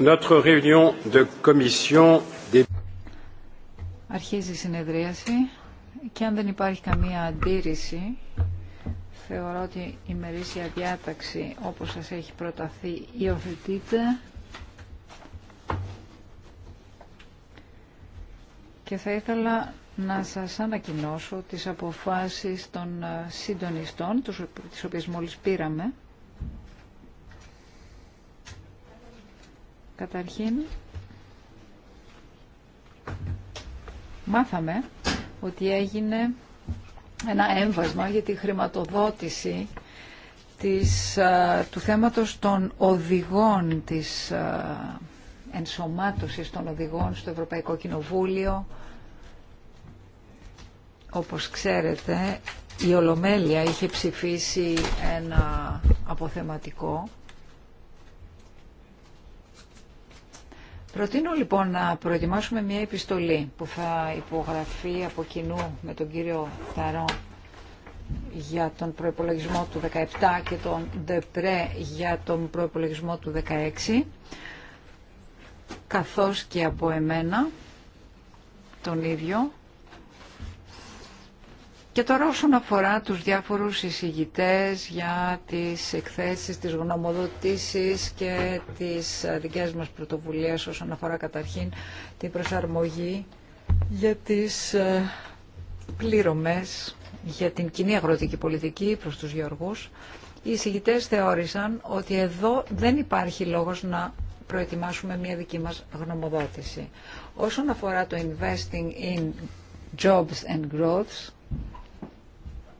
Notre Αρχίζει η συνεδρίαση και αν δεν υπάρχει καμία αντίρρηση θεωρώ ότι η μερίσια διάταξη όπως σας έχει προταθεί υιοθετείται και θα ήθελα να σας ανακοινώσω τις αποφάσεις των ε, συντονιστών τις οποίες μόλις πήραμε Καταρχήν, μάθαμε ότι έγινε ένα έμβασμα για τη χρηματοδότηση της, ε, του θέματος των οδηγών της ε, ενσωμάτωσης των οδηγών στο Ευρωπαϊκό Κοινοβούλιο. Όπως ξέρετε, η Ολομέλεια είχε ψηφίσει ένα αποθεματικό Προτείνω λοιπόν να προετοιμάσουμε μια επιστολή που θα υπογραφεί από κοινού με τον κύριο Ταρό για τον προϋπολογισμό του 17 και τον ΔΕΠΡΕ για τον προϋπολογισμό του 16 καθώς και από εμένα τον ίδιο και τώρα όσον αφορά τους διάφορους εισηγητές για τις εκθέσεις, τις γνωμοδοτήσεις και τις δικές μας πρωτοβουλίες όσον αφορά καταρχήν την προσαρμογή για τις ε, πλήρωμες για την κοινή αγροτική πολιτική προς τους γεωργούς, οι εισηγητές θεώρησαν ότι εδώ δεν υπάρχει λόγος να προετοιμάσουμε μια δική μας γνωμοδότηση. Όσον αφορά το Investing in Jobs and Growth,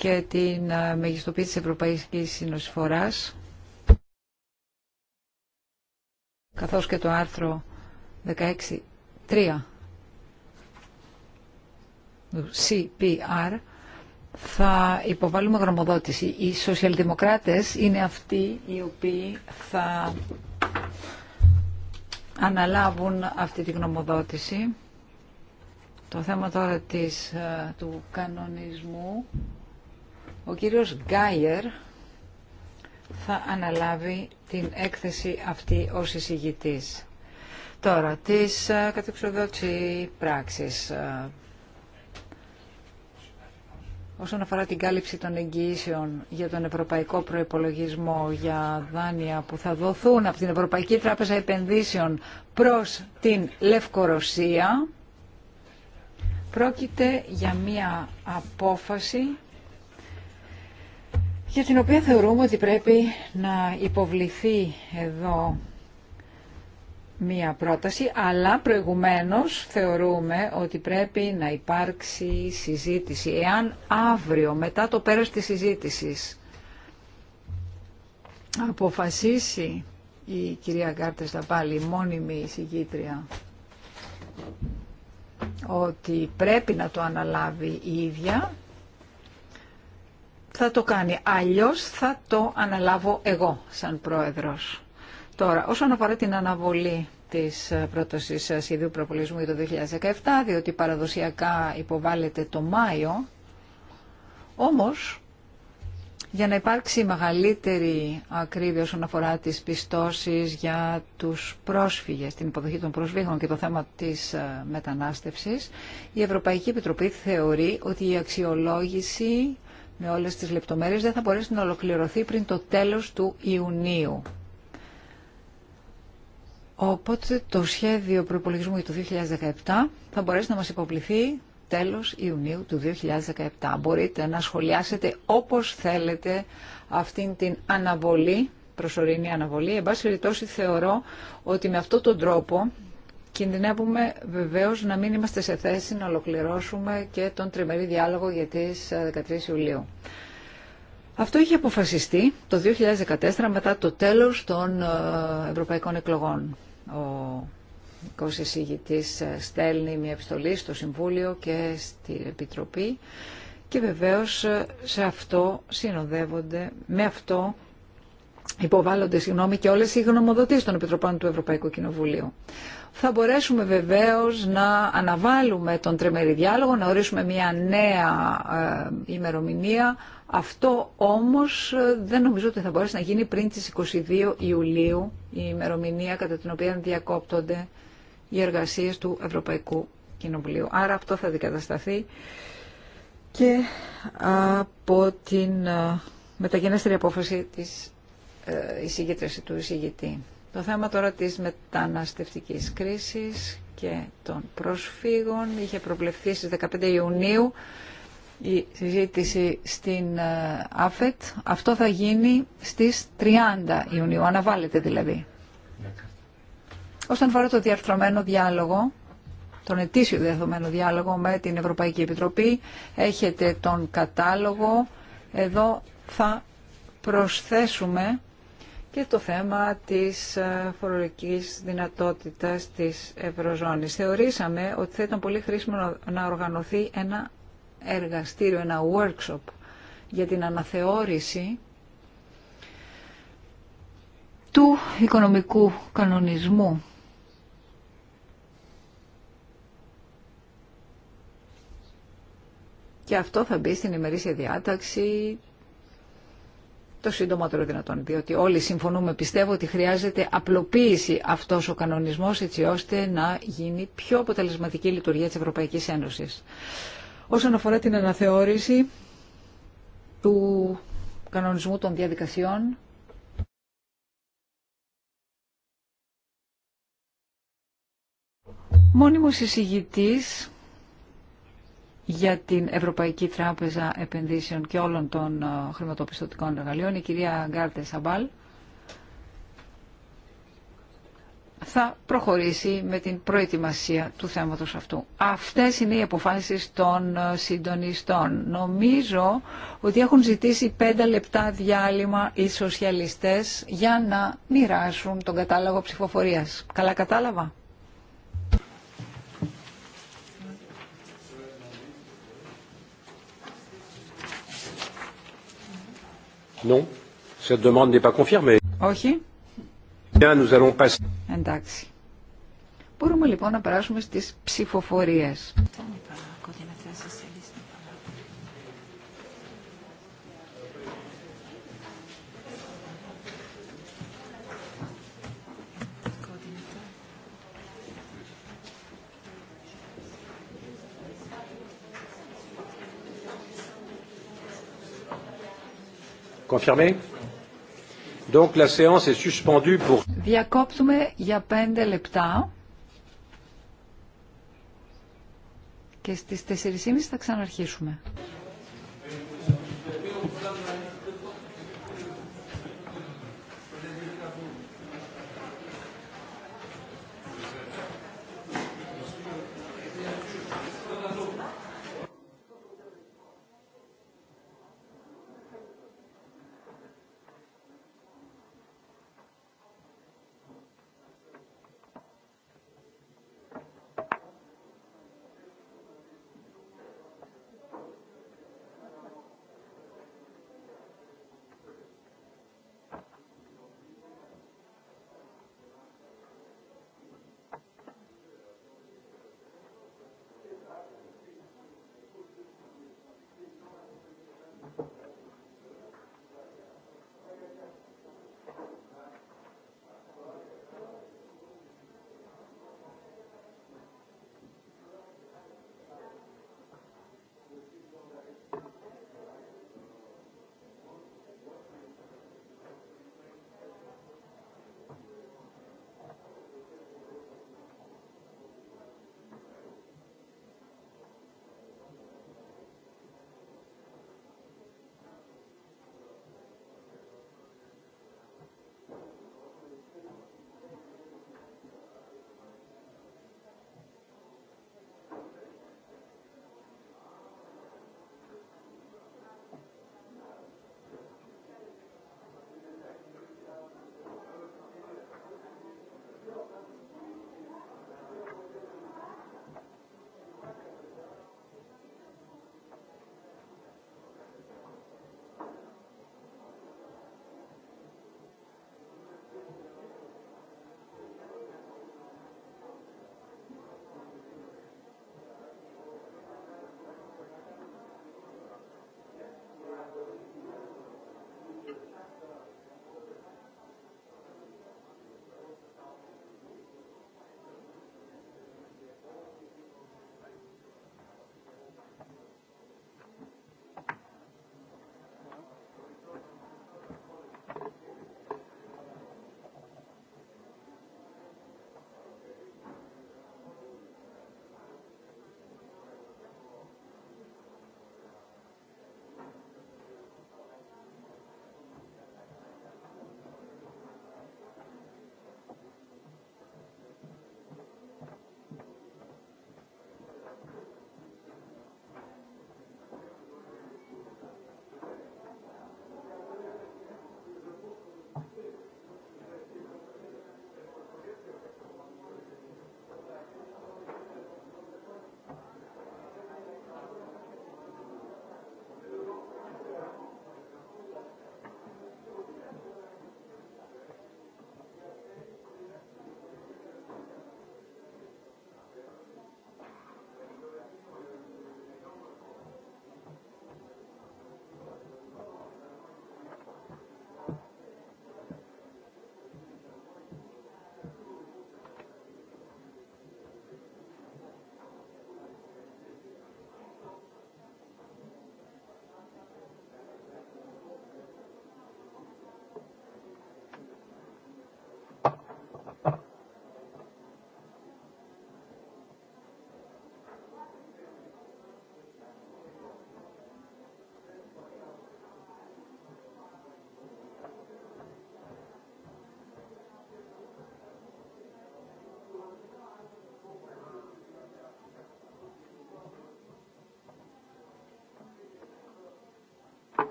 και την ε, μεγιστοποίηση της Ευρωπαϊκής Συνοσφοράς καθώς και το άρθρο 16.3 του CPR θα υποβάλουμε γραμμοδότηση. Οι σοσιαλδημοκράτες είναι αυτοί οι οποίοι θα αναλάβουν αυτή τη γνωμοδότηση. Το θέμα τώρα της, ε, του κανονισμού ο κύριος Γκάιερ θα αναλάβει την έκθεση αυτή ως εισηγητής. Τώρα, τις ε, κατεξοδότσι πράξεις. Ε, όσον αφορά την κάλυψη των εγγυήσεων για τον ευρωπαϊκό προϋπολογισμό για δάνεια που θα δοθούν από την Ευρωπαϊκή Τράπεζα Επενδύσεων προς την Λευκορωσία, πρόκειται για μία απόφαση για την οποία θεωρούμε ότι πρέπει να υποβληθεί εδώ μία πρόταση, αλλά προηγουμένως θεωρούμε ότι πρέπει να υπάρξει συζήτηση. Εάν αύριο, μετά το πέρας της συζήτησης, αποφασίσει η κυρία Κάρτες πάλι μόνιμη εισηγήτρια, ότι πρέπει να το αναλάβει η ίδια, θα το κάνει. Αλλιώς θα το αναλάβω εγώ σαν πρόεδρος. Τώρα, όσον αφορά την αναβολή της πρότασης σχεδίου προπολισμού για το 2017, διότι παραδοσιακά υποβάλλεται το Μάιο, όμως για να υπάρξει μεγαλύτερη ακρίβεια όσον αφορά τις πιστώσεις για τους πρόσφυγες, την υποδοχή των προσφύγων και το θέμα της ε, μετανάστευσης, η Ευρωπαϊκή Επιτροπή θεωρεί ότι η αξιολόγηση με όλες τις λεπτομέρειες δεν θα μπορέσει να ολοκληρωθεί πριν το τέλος του Ιουνίου. Οπότε το σχέδιο προπολογισμού για το 2017 θα μπορέσει να μας υποβληθεί τέλος Ιουνίου του 2017. Μπορείτε να σχολιάσετε όπως θέλετε αυτήν την αναβολή, προσωρινή αναβολή. Εν πάση θεωρώ ότι με αυτόν τον τρόπο Κινδυνεύουμε βεβαίως να μην είμαστε σε θέση να ολοκληρώσουμε και τον τριμερή διάλογο για τι 13 ε, Ιουλίου. Αυτό είχε αποφασιστεί το 2014 μετά το τέλος των ε, ευρωπαϊκών εκλογών. Ο ειδικός εισηγητής ε, στέλνει μια επιστολή στο Συμβούλιο και στην Επιτροπή και βεβαίως σε αυτό συνοδεύονται, με αυτό υποβάλλονται συγγνώμη και όλες οι γνωμοδοτήσεις των Επιτροπών του Ευρωπαϊκού Κοινοβουλίου θα μπορέσουμε βεβαίως να αναβάλουμε τον τριμερή διάλογο, να ορίσουμε μια νέα ε, ημερομηνία. Αυτό όμως ε, δεν νομίζω ότι θα μπορέσει να γίνει πριν τις 22 Ιουλίου, η ημερομηνία κατά την οποία διακόπτονται οι εργασίες του Ευρωπαϊκού Κοινοβουλίου. Άρα αυτό θα δικατασταθεί και από την ε, μεταγενέστερη απόφαση της εισηγήτρια του εισηγητή. Το θέμα τώρα της μεταναστευτικής κρίσης και των προσφύγων είχε προβλεφθεί στις 15 Ιουνίου η συζήτηση στην ε, ΑΦΕΤ. Αυτό θα γίνει στις 30 Ιουνίου, αναβάλλεται δηλαδή. Όσον αφορά το διαρθρωμένο διάλογο, τον ετήσιο διαρθρωμένο διάλογο με την Ευρωπαϊκή Επιτροπή, έχετε τον κατάλογο. Εδώ θα προσθέσουμε και το θέμα της ε, φορολογικής δυνατότητας της Ευρωζώνης. Θεωρήσαμε ότι θα ήταν πολύ χρήσιμο να οργανωθεί ένα εργαστήριο, ένα workshop για την αναθεώρηση του οικονομικού κανονισμού. Και αυτό θα μπει στην ημερήσια διάταξη το συντομότερο δυνατόν, διότι όλοι συμφωνούμε, πιστεύω ότι χρειάζεται απλοποίηση αυτός ο κανονισμός έτσι ώστε να γίνει πιο αποτελεσματική η λειτουργία της Ευρωπαϊκής Ένωσης. Όσον αφορά την αναθεώρηση του κανονισμού των διαδικασιών, μόνιμος εισηγητής για την Ευρωπαϊκή Τράπεζα Επενδύσεων και όλων των ε, χρηματοπιστωτικών εργαλείων, η κυρία Γκάρτε Σαμπάλ, θα προχωρήσει με την προετοιμασία του θέματος αυτού. Αυτές είναι οι αποφάσεις των ε, συντονιστών. Νομίζω ότι έχουν ζητήσει πέντε λεπτά διάλειμμα οι σοσιαλιστές για να μοιράσουν τον κατάλογο ψηφοφορίας. Καλά κατάλαβα. Non. Cette demande n'est pas confirmée. Όχι. Bien, nous allons passer. Εντάξει. Μπορούμε λοιπόν να περάσουμε στις ψηφοφορίες. Confirmé? Donc la séance est suspendue pour... Διακόπτουμε για 5 λεπτά και στις 4.30 θα ξαναρχίσουμε.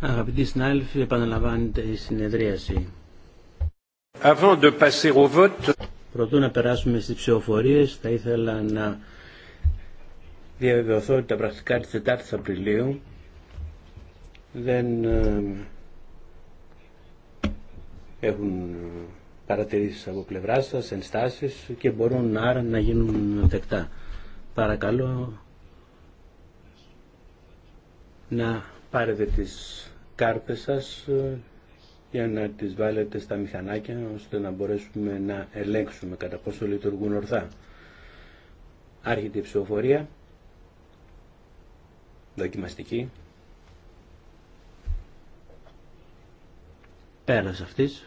Αγαπητοί συνάδελφοι, επαναλαμβάνεται η συνεδρίαση. Προτού να περάσουμε στις ψηφοφορίες, θα ήθελα να διαβεβαιωθώ ότι τα πρακτικά της 4ης Απριλίου δεν ε, έχουν ε, παρατηρήσεις από πλευρά σας, ενστάσεις και μπορούν άρα να γίνουν δεκτά. Παρακαλώ να πάρετε τις κάρτες σας ε, για να τις βάλετε στα μηχανάκια ώστε να μπορέσουμε να ελέγξουμε κατά πόσο λειτουργούν ορθά. Άρχεται η ψηφοφορία, δοκιμαστική, πέρας αυτής.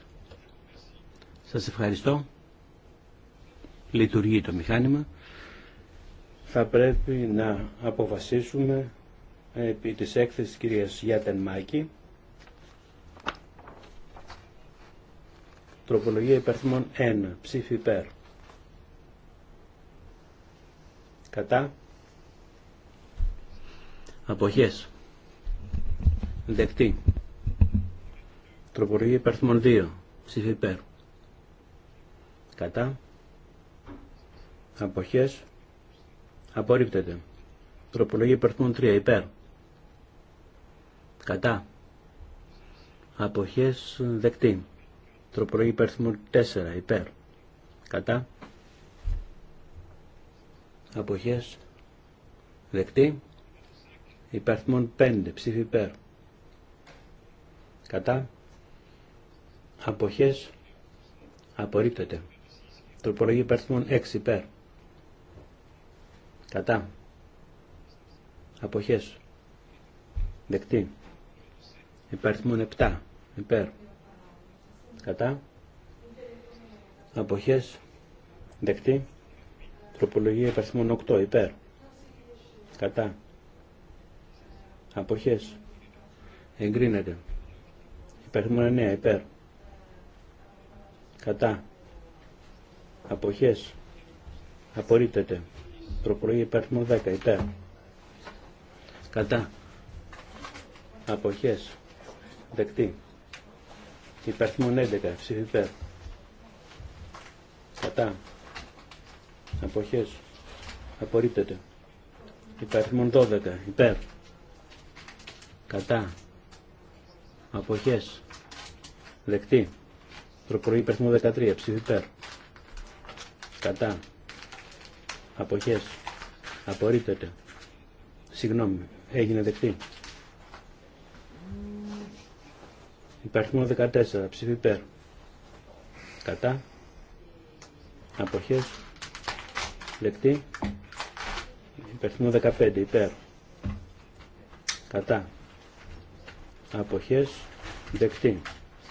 Σας ευχαριστώ. Λειτουργεί το μηχάνημα. Θα πρέπει να αποφασίσουμε επί της έκθεσης κυρίας Γιάτεν Μάκη. Τροπολογία υπερθμών 1. Ψήφι υπέρ. Κατά. Αποχές. Δεκτή. Τροπολογία υπερθμών 2. Ψήφι υπέρ. Κατά. Αποχές. Απορρίπτεται. Τροπολογία υπερθμών 3. Υπέρ κατά αποχές δεκτή τροπολογή υπερθυμών 4 υπέρ κατά αποχές δεκτή υπερθυμών 5 ψήφι υπέρ κατά αποχές απορρίπτεται τροπολογή υπερθυμών 6 υπέρ κατά αποχές δεκτή Υπαριθμούν 7. Υπέρ. Κατά. Αποχές. Δεκτή. Τροπολογία υπαριθμών 8. Υπέρ. Κατά. Αποχές. Εγκρίνεται. Υπαριθμών 9. Υπέρ. Κατά. Αποχές. Απορρίπτεται. Τροπολογία υπαριθμών 10. Υπέρ. Κατά. Αποχές. Δεκτή. Υπαριθμόν 11. ψηφί Ψηφιπέρ. Κατά. Αποχές. Απορρίπτεται. Υπαριθμόν 12. Υπέρ. Κατά. Αποχές. Δεκτή. Τροπορή υπαριθμό 13. Ψηφιπέρ. Κατά. Αποχές. Απορρίπτεται. Συγγνώμη. Έγινε δεκτή. Υπαριθμό 14. Ψήφι υπέρ. Κατά. Αποχές. Δεκτή. Υπαριθμό 15. Υπέρ. Κατά. Αποχές. Δεκτή.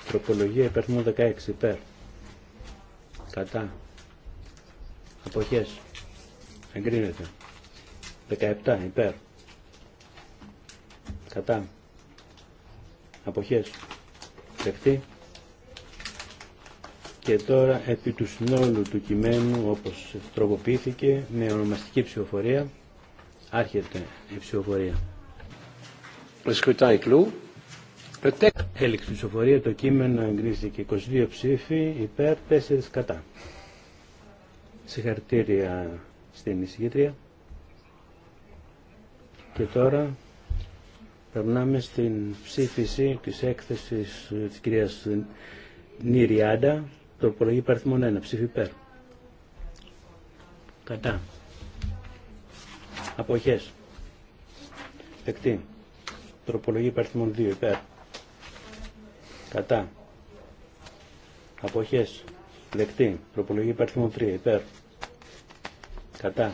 Τροπολογία υπαριθμό 16. Υπέρ. Κατά. Αποχές. Εγκρίνεται. 17. Υπέρ. Κατά. Αποχές δεχτεί Και τώρα επί του συνόλου του κειμένου όπως τροποποιήθηκε με ονομαστική ψηφοφορία άρχεται η ψηφοφορία. Έληξη ψηφοφορία, το κείμενο εγκρίθηκε 22 ψήφοι υπέρ 4 κατά. Συγχαρητήρια στην εισηγήτρια. Και τώρα Περνάμε στην ψήφιση της έκθεσης ε, της κυρίας Νιριάντα, τροπολογή παριθμών 1, ψήφι υπέρ. Κατά. Αποχές. Δεκτή. Τροπολογή υπαριθμών 2 υπέρ. Κατά. Αποχές. Δεκτή. Τροπολογή υπαριθμών 3 υπέρ. Κατά.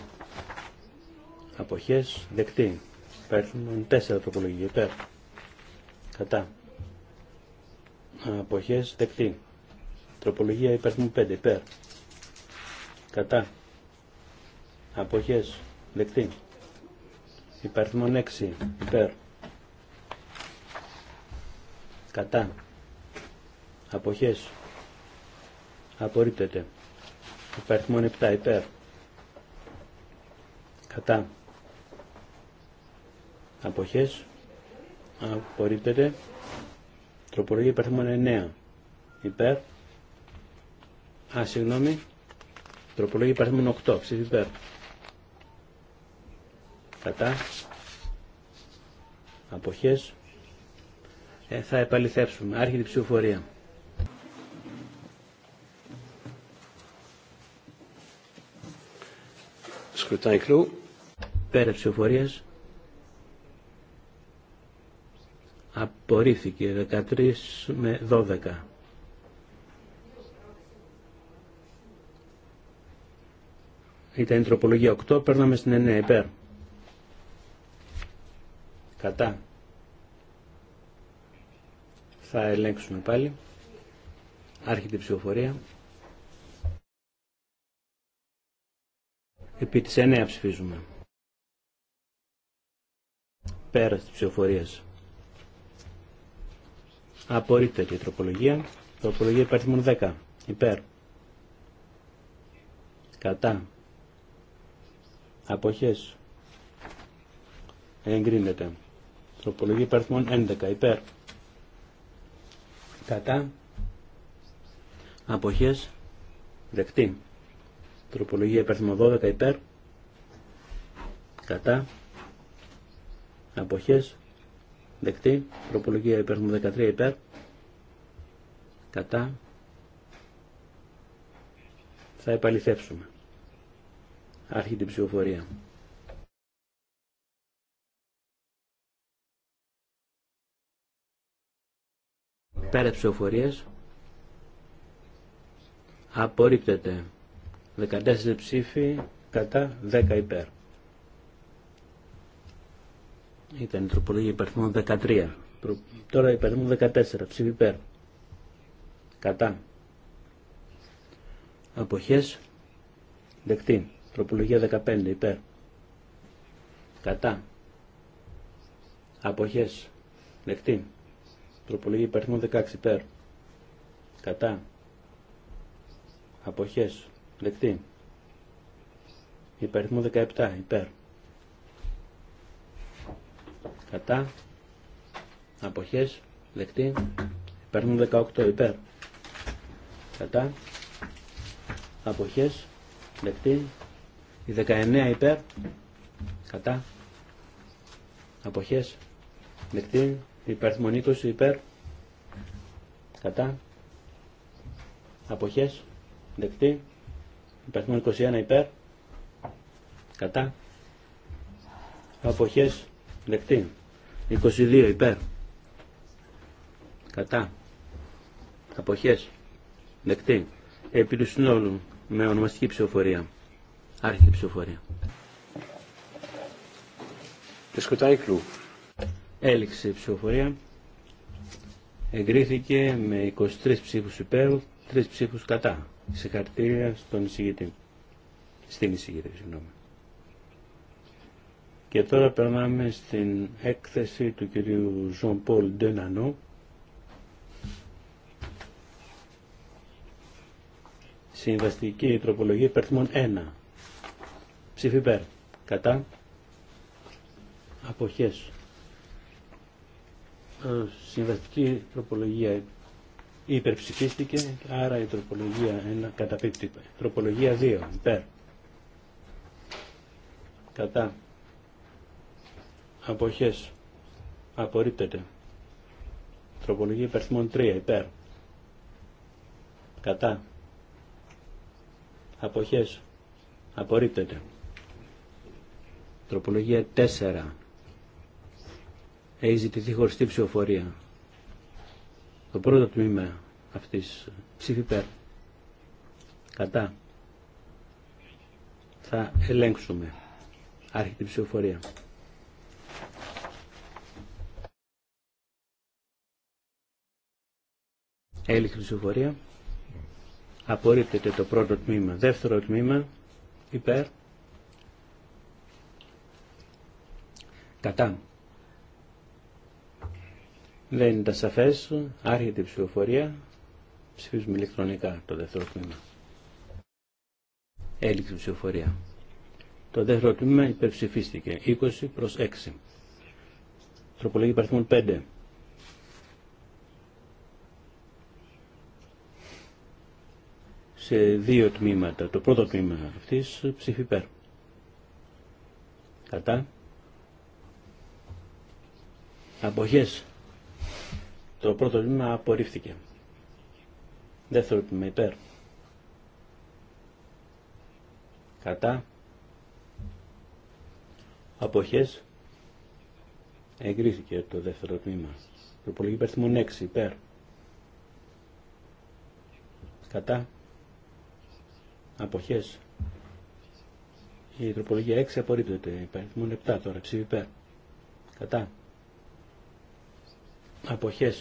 Αποχές. Δεκτή. Υπάρχουν 4 τροπολογία υπέρ. Κατά. Αποχές δεκτή. Τροπολογία υπάρχουν 5 υπέρ. Κατά. Αποχές δεκτή. Υπάρχουν 6 υπέρ. Κατά. Αποχές. Απορρίπτεται. Υπάρχουν 7 υπέρ. Κατά αποχές απορρίπτεται τροπολογία υπαριθμών 9 υπέρ α συγγνώμη τροπολογία υπαριθμών 8 ψήφι υπέρ κατά αποχές ε, θα επαληθεύσουμε άρχιτη ψηφοφορία Σκρουτάει κλού. Πέρα ψηφοφορίας απορρίφθηκε 13 με 12. Ήταν η τροπολογία 8, παίρναμε στην 9 υπέρ. Κατά. Θα ελέγξουμε πάλι. Άρχεται η ψηφοφορία. Επί της 9 ψηφίζουμε. Πέρα της ψηφοφορίας. Απορρίπτεται η τροπολογία. Τροπολογία υπαριθμών 10. Υπέρ. Κατά. Αποχές. Εγκρίνεται. Τροπολογία υπαριθμών 11. Υπέρ. Κατά. Αποχές. Δεκτή. Τροπολογία υπαριθμών 12. Υπέρ. Κατά. Αποχές δεκτή, προπολογία υπέρ 13 υπέρ, κατά, θα επαληθεύσουμε. Άρχεται την ψηφοφορία. Πέρα ψηφοφορίας απορρίπτεται 14 ψήφι κατά 10 υπέρ. Ήταν η τροπολογία υπαριθμών 13. Τώρα υπαριθμών 14. Ψήφι υπέρ. Κατά. Αποχές. Δεκτή. Τροπολογία 15. Υπέρ. Κατά. Αποχές. Δεκτή. Τροπολογία υπαριθμών 16. Υπέρ. Κατά. Αποχές. Δεκτή. Υπερθμό 17. Υπέρ κατά αποχές δεκτή παίρνουν 18 υπέρ κατά αποχές δεκτή η 19 υπέρ κατά αποχές δεκτή υπέρθμον 20 υπέρ κατά αποχές δεκτή υπέρθμον 21 υπέρ κατά αποχές δεκτή 22 υπέρ. Κατά. Αποχές. Δεκτή. Επί του συνόλου με ονομαστική ψηφοφορία. Άρχιτη ψηφοφορία. Σκοτάει Έληξε η ψηφοφορία. Εγκρίθηκε με 23 ψήφους υπέρ, 3 ψήφους κατά. σε Συγχαρητήρια στον εισηγητή. Στην εισηγητή, συγγνώμη. Και τώρα περνάμε στην έκθεση του κυρίου Ζων Πολ Ντενανό. Συμβαστική τροπολογία υπερθυμών 1. Ψήφι υπέρ. Κατά. Αποχές. Ε, συμβαστική τροπολογία υπερψηφίστηκε, άρα η τροπολογία 1 καταπίπτει. Τροπολογία 2. Υπέρ. Κατά αποχές απορρίπτεται τροπολογία υπερθυμών 3 υπέρ κατά αποχές απορρίπτεται τροπολογία 4 έχει ζητηθεί χωριστή ψηφοφορία το πρώτο τμήμα αυτής ψήφι υπέρ κατά θα ελέγξουμε άρχιτη ψηφοφορία Έλλη ψηφοφορία. Απορρίπτεται το πρώτο τμήμα. Δεύτερο τμήμα. Υπέρ. Κατά. Δεν είναι τα σαφές. Άρχεται η ψηφοφορία. Ψηφίζουμε ηλεκτρονικά το δεύτερο τμήμα. Έλλειξη ψηφοφορία. Το δεύτερο τμήμα υπερψηφίστηκε. 20 προς 6. Τροπολογική υπαριθμών 5. σε δύο τμήματα. Το πρώτο τμήμα αυτή ψήφι Κατά. Αποχές. Το πρώτο τμήμα απορρίφθηκε. Δεύτερο τμήμα υπέρ. Κατά. Αποχές. Εγκρίθηκε το δεύτερο τμήμα. Προπολογή υπέρ 6 υπέρ. Κατά. Αποχέ. η τροπολογία 6 απορρίπτεται μόνο 7 τώρα ψήφι πέρ. κατά Αποχέ.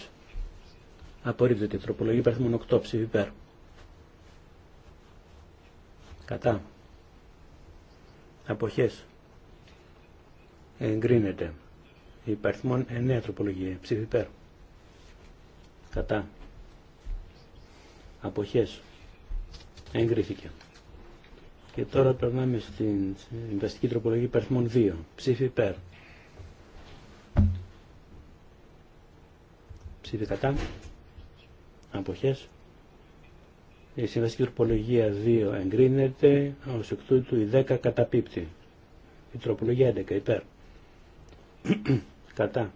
απορρίπτεται η τροπολογία μόνο 8 ψήφι πέρ. κατά Αποχέ. εγκρίνεται υπαριθμόν 9 τροπολογία ψήφι υπέρ κατά Αποχέ εγκρίθηκε. Και τώρα περνάμε στην συμβαστική τροπολογία υπαριθμών 2. Ψήφι υπέρ. Ψήφι κατά. Αποχές. Η συμβαστική τροπολογία 2 εγκρίνεται, ω εκ τούτου η 10 καταπίπτει. Η τροπολογία 11 υπέρ. κατά.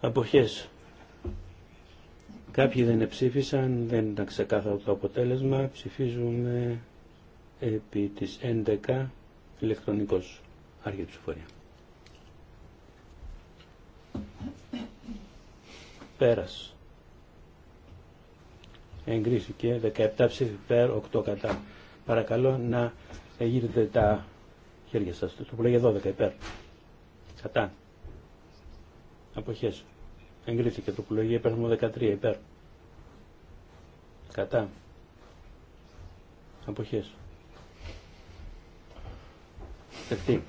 Αποχές. Κάποιοι δεν ψήφισαν, δεν ήταν ξεκάθαρο το αποτέλεσμα. Ψηφίζουμε επί της 11 ηλεκτρονικός άρχη ψηφορία. Πέρας. Εγκρίθηκε 17 ψήφι πέρ, 8 κατά. Παρακαλώ να γύρετε τα χέρια σας. Το που 12 υπέρ. Κατά. Αποχέσω. Εγκρίθηκε τροπολογία υπέρ 13 υπέρ. Κατά. Αποχές. Δεκτή.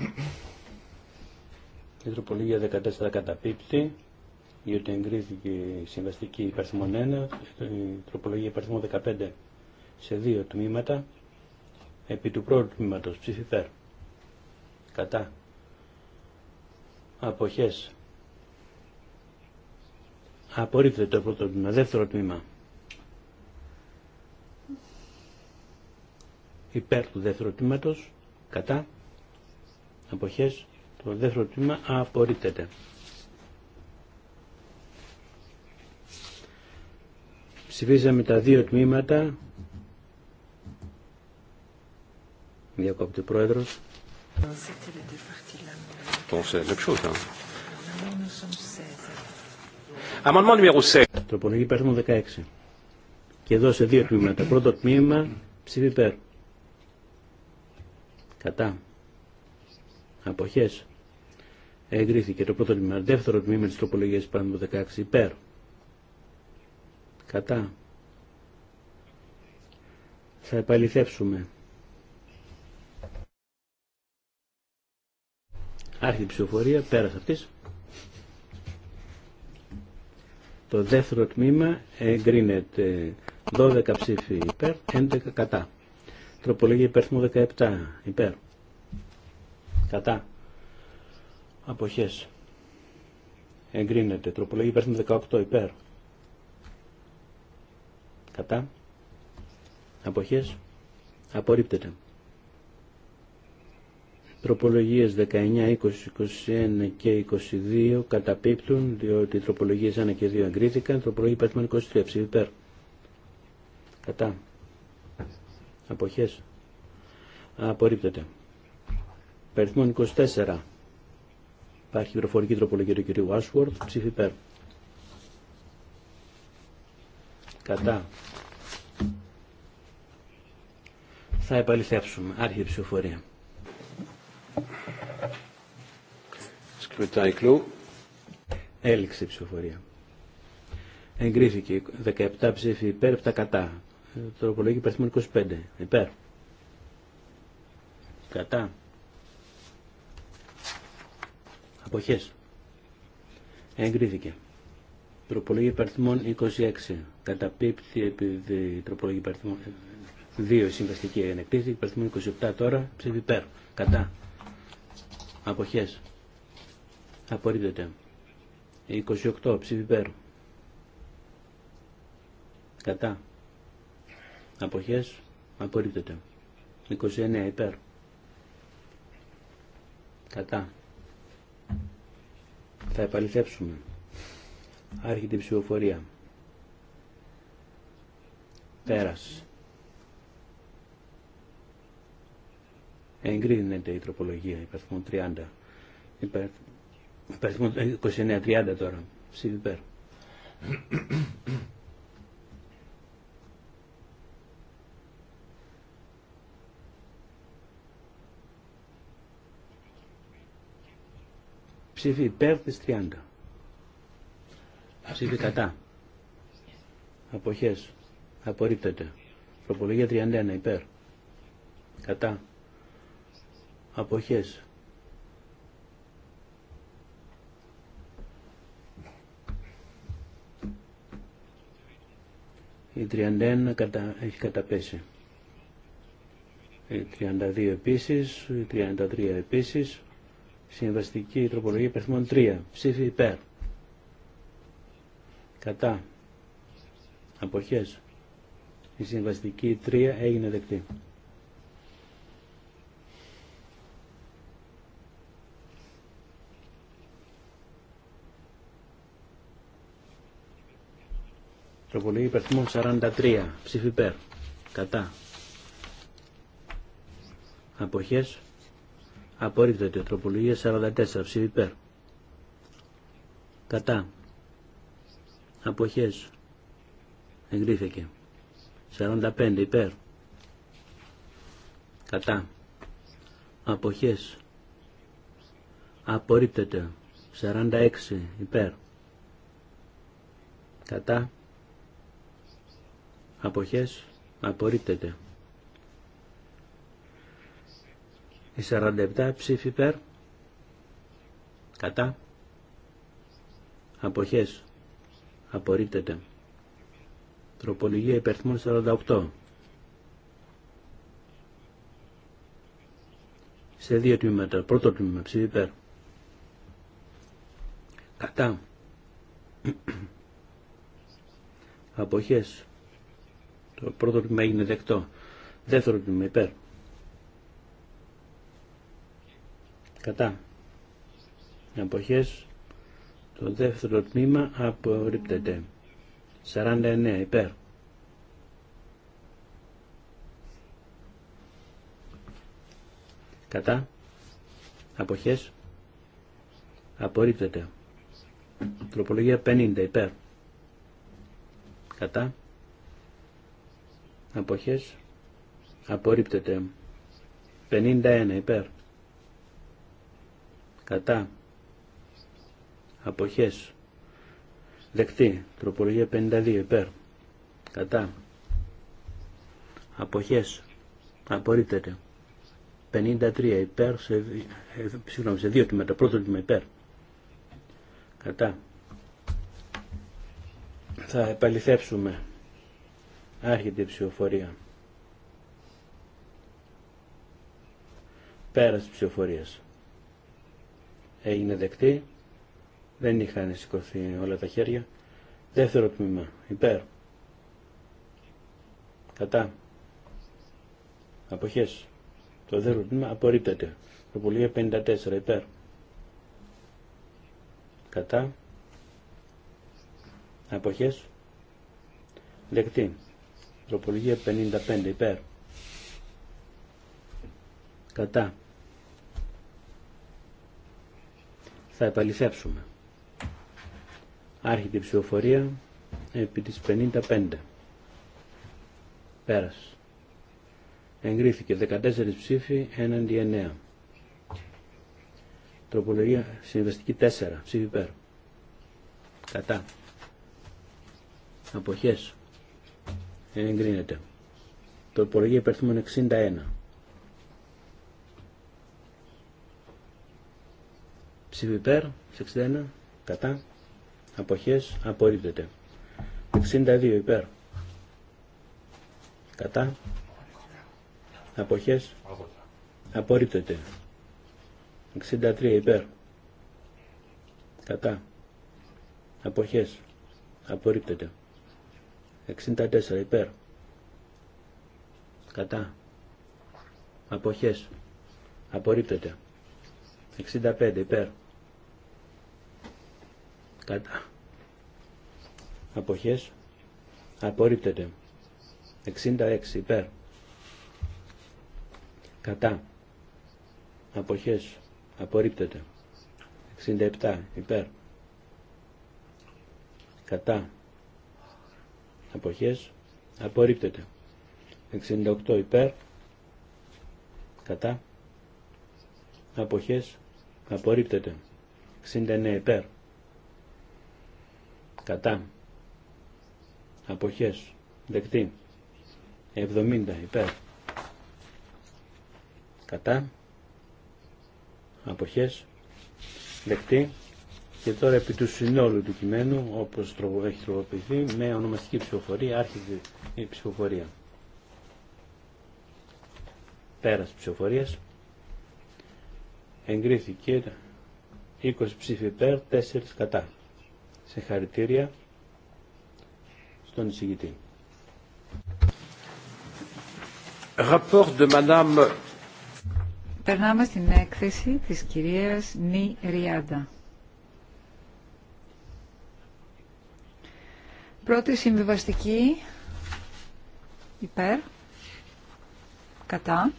Η τροπολογία 14 καταπίπτει, διότι εγκρίθηκε η συμβαστική υπερθμό 1, η τροπολογία υπερθμό 15 σε δύο τμήματα, επί του πρώτου τμήματος ψηφιπέρ. Κατά. Αποχές Απορρίπτεται το πρώτο τμήμα. Δεύτερο τμήμα. Υπέρ του δεύτερου τμήματος. Κατά. Αποχές. Το δεύτερο τμήμα απορρίπτεται. Ψηφίζαμε τα δύο τμήματα. Διακόπτει ο Πρόεδρος. Bon, c'est la même chose. Hein. Αμανμό νούμερο 6. Τροπολογία 16. Και εδώ σε δύο τμήματα. Πρώτο τμήμα ψήφι Κατά. Αποχές. Εγκρίθηκε το πρώτο τμήμα. Δεύτερο τμήμα της τροπολογίας πάνω 16 υπέρ. Κατά. Θα επαληθεύσουμε. Άρχιτη ψηφοφορία πέρας αυτής. Το δεύτερο τμήμα εγκρίνεται 12 ψήφοι υπέρ, 11 κατά. Τροπολογία υπέρ 17 υπέρ. Κατά. Αποχές. Εγκρίνεται. Τροπολογία υπέρ 18 υπέρ. Κατά. Αποχές. Απορρίπτεται. Τροπολογίες 19, 20, 21 και 22 καταπίπτουν, διότι οι τροπολογίες 1 και 2 εγκρίθηκαν. Τροπολογία υπαριθμών 23, ψήφι υπέρ. Κατά. Αποχές. Απορρίπτεται. Περιθμόν 24. Υπάρχει προφορική τροπολογία του κυρίου Ashworth, ψήφι Κατά. Θα επαληθεύσουμε. Άρχιε ψηφοφορία. Έληξε η ψηφοφορία. Εγκρίθηκε 17 ψήφοι υπέρ, 7 κατά. Τροπολογία υπερθυμών 25. Υπέρ. Κατά. Αποχές. Εγκρίθηκε. Τροπολογία υπερθυμών 26. Καταπίπτει επειδή τροπολογία υπερθυμών 2 συμβαστική ενεκτήθηκε. Υπερθυμών 27 τώρα ψήφι υπέρ. Κατά. Αποχές. Απορρίπτεται. 28. Ψήφι Κατά. Αποχές. Απορρίπτεται. 29. Υπέρ. Κατά. Θα επαληθεύσουμε. Άρχεται η ψηφοφορία. Πέρας. εγκρίνεται η τροπολογία υπαριθμών 30. Υπερ... Υπαριθμών ε, 29-30 τώρα. Ψήφι υπέρ. Ψήφι υπέρ της 30. Ψήφι κατά. Αποχές. Απορρίπτεται. Τροπολογία 31 υπέρ. Κατά αποχές. Η 31 κατα... έχει καταπέσει. Η 32 επίσης, η 33 επίσης. Συμβαστική τροπολογία υπερθυμών 3. Ψήφι υπέρ. Κατά. Αποχές. Η συμβαστική 3 έγινε δεκτή. Τροπολογία υπερθυμών 43. Ψήφι υπέρ. Κατά. Αποχές. Απορρίπτεται. Τροπολογία 44. Ψήφι υπέρ. Κατά. Αποχές. Εγκρίθηκε. 45. Υπέρ. Κατά. Αποχές. Απορρίπτεται. 46. Υπέρ. Κατά αποχές απορρίπτεται. Η 47 ψήφι υπέρ, κατά, αποχές απορρίπτεται. Τροπολογία υπερθμών 48. Σε δύο τμήματα. Πρώτο τμήμα ψήφι υπέρ. Κατά. Αποχές το πρώτο τμήμα έγινε δεκτό. Δεύτερο τμήμα υπέρ. Κατά. Αποχές. Το δεύτερο τμήμα απορρίπτεται. 49 υπέρ. Κατά. Αποχές. Απορρίπτεται. Τροπολογία 50 υπέρ. Κατά αποχές απορρίπτεται 51 υπέρ κατά αποχές δεκτή τροπολογία 52 υπέρ κατά αποχές απορρίπτεται 53 υπέρ σε, ε, συγγνώμη, σε δύο τμήματα πρώτο τμήμα υπέρ κατά θα επαληθεύσουμε Άρχεται η ψηφοφορία. Πέρας ψηφοφορία. Έγινε δεκτή. Δεν είχαν σηκωθεί όλα τα χέρια. Δεύτερο τμήμα. Υπέρ. Κατά. Αποχές. Το δεύτερο τμήμα απορρίπτεται. Προπολογία 54. Υπέρ. Κατά. Αποχές. Δεκτή. Τροπολογία 55 υπέρ. Κατά. Θα επαληθεύσουμε. Άρχιτη ψηφοφορία επί της 55. Πέρασε. Εγκρίθηκε 14 ψήφοι έναντι 9. Τροπολογία συμβαστική 4. Ψήφι υπέρ. Κατά. Αποχές εγκρίνεται. Το υπολογείο υπερθύμων 61. Ψήφι υπέρ, 61, κατά, αποχές, απορρίπτεται. 62 υπέρ, κατά, αποχές, απορρίπτεται. 63 υπέρ, κατά, αποχές, απορρίπτεται. 64 υπέρ κατά αποχές απορρίπτεται 65 υπέρ κατά αποχές απορρίπτεται 66 υπέρ κατά αποχές απορρίπτεται 67 υπέρ κατά αποχές απορρίπτεται 68 υπέρ κατά αποχές απορρίπτεται 69 υπέρ κατά αποχές δεκτή 70 υπέρ κατά αποχές δεκτή και τώρα επί του συνόλου του κειμένου, όπως έχει τροποποιηθεί, με ονομαστική ψηφοφορία, άρχισε η ψηφοφορία. Πέρας ψηφοφορίας. Εγκρίθηκε 20 ψήφοι υπέρ, 4 κατά. Σε χαρητήρια στον εισηγητή. Περνάμε στην έκθεση της κυρίας Νι Ριάντα. Πρώτη συμβιβαστική υπέρ, κατά,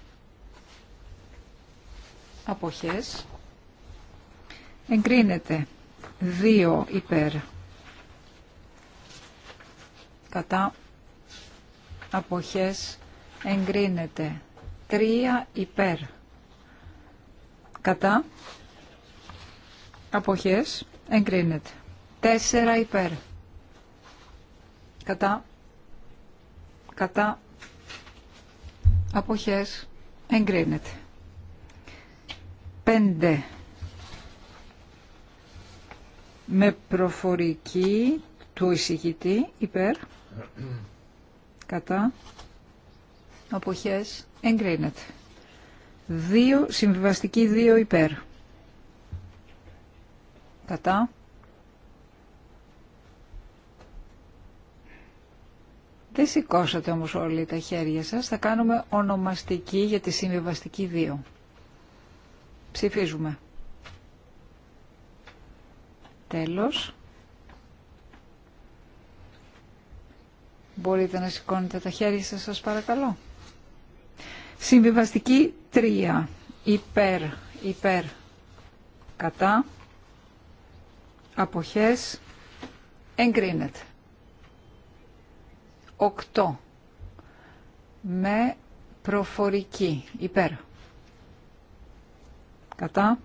αποχές, εγκρίνεται δύο υπέρ, κατά, αποχές, εγκρίνεται τρία υπέρ, κατά, αποχές, εγκρίνεται τέσσερα υπέρ κατά, κατά, αποχές, εγκρίνεται. Πέντε. Με προφορική του εισηγητή υπέρ, κατά, αποχές, εγκρίνεται. Δύο Συμβιβαστική δύο υπέρ. Κατά. Δεν σηκώσατε όμως όλοι τα χέρια σας. Θα κάνουμε ονομαστική για τη συμβιβαστική 2. Ψηφίζουμε. Τέλος. Μπορείτε να σηκώνετε τα χέρια σας, σας παρακαλώ. Συμβιβαστική 3. Υπέρ, υπέρ, κατά, αποχές, εγκρίνεται. 8 με προφορική υπέρ. Κατά.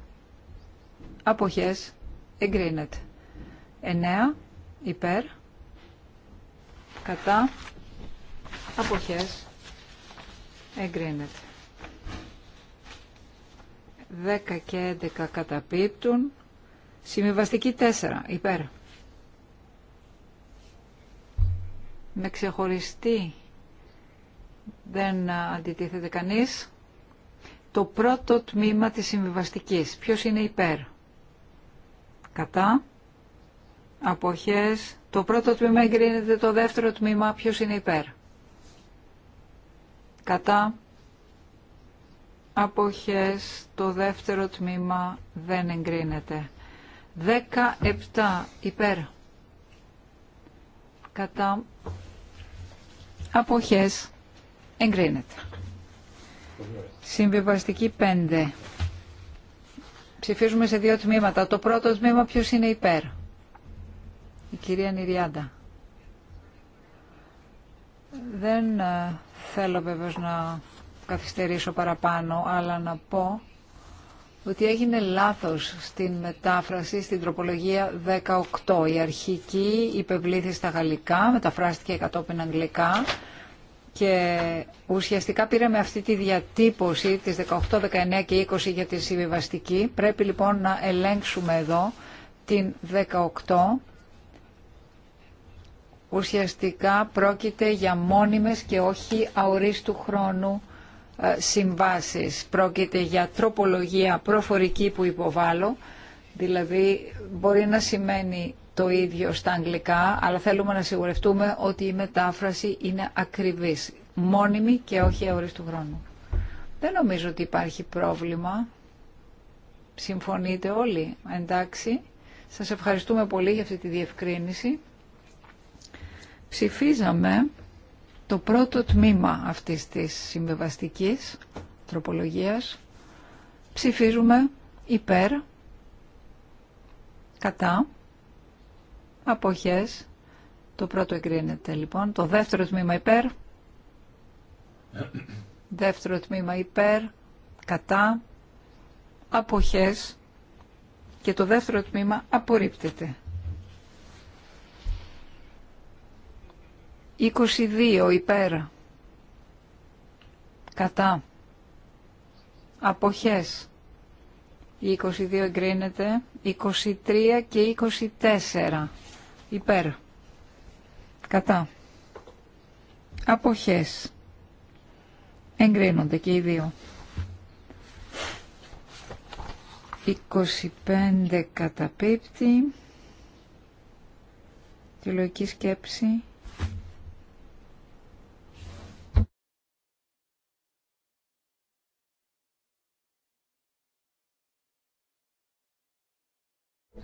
Αποχές εγκρίνεται. 9 υπέρ. Κατά. Αποχές εγκρίνεται. 10 και 11 καταπίπτουν. Συμβιβαστική 4 υπέρ. με ξεχωριστή δεν αντιτίθεται κανείς. Το πρώτο τμήμα της συμβιβαστικής. Ποιος είναι υπέρ. Κατά. Αποχές. Το πρώτο τμήμα εγκρίνεται. Το δεύτερο τμήμα ποιος είναι υπέρ. Κατά. Αποχές. Το δεύτερο τμήμα δεν εγκρίνεται. 17 υπέρ. Κατά αποχές εγκρίνεται. Συμβιβαστική 5. Ψηφίζουμε σε δύο τμήματα. Το πρώτο τμήμα ποιος είναι υπέρ. Η κυρία Νηριάντα. Δεν ε, θέλω βεβαίως να καθυστερήσω παραπάνω, αλλά να πω ότι έγινε λάθος στην μετάφραση στην τροπολογία 18. Η αρχική υπευλήθη στα γαλλικά, μεταφράστηκε κατόπιν αγγλικά και ουσιαστικά πήραμε αυτή τη διατύπωση της 18, 19 και 20 για τη συμβιβαστική. Πρέπει λοιπόν να ελέγξουμε εδώ την 18. Ουσιαστικά πρόκειται για μόνιμες και όχι αορίστου χρόνου ε, συμβάσεις. Πρόκειται για τροπολογία προφορική που υποβάλλω, δηλαδή μπορεί να σημαίνει το ίδιο στα αγγλικά, αλλά θέλουμε να σιγουρευτούμε ότι η μετάφραση είναι ακριβής, μόνιμη και όχι αορίστου του χρόνου. Δεν νομίζω ότι υπάρχει πρόβλημα. Συμφωνείτε όλοι, εντάξει. Σας ευχαριστούμε πολύ για αυτή τη διευκρίνηση. Ψηφίζαμε το πρώτο τμήμα αυτής της συμβεβαστικής τροπολογίας ψηφίζουμε υπέρ, κατά, αποχές. Το πρώτο εγκρίνεται λοιπόν. Το δεύτερο τμήμα υπέρ, δεύτερο τμήμα υπέρ, κατά, αποχές και το δεύτερο τμήμα απορρίπτεται. 22 υπέρ. Κατά. Αποχές. Η 22 εγκρίνεται. 23 και 24 υπέρ. Κατά. Αποχές. Εγκρίνονται και οι δύο. 25 καταπίπτει. Τη λογική σκέψη.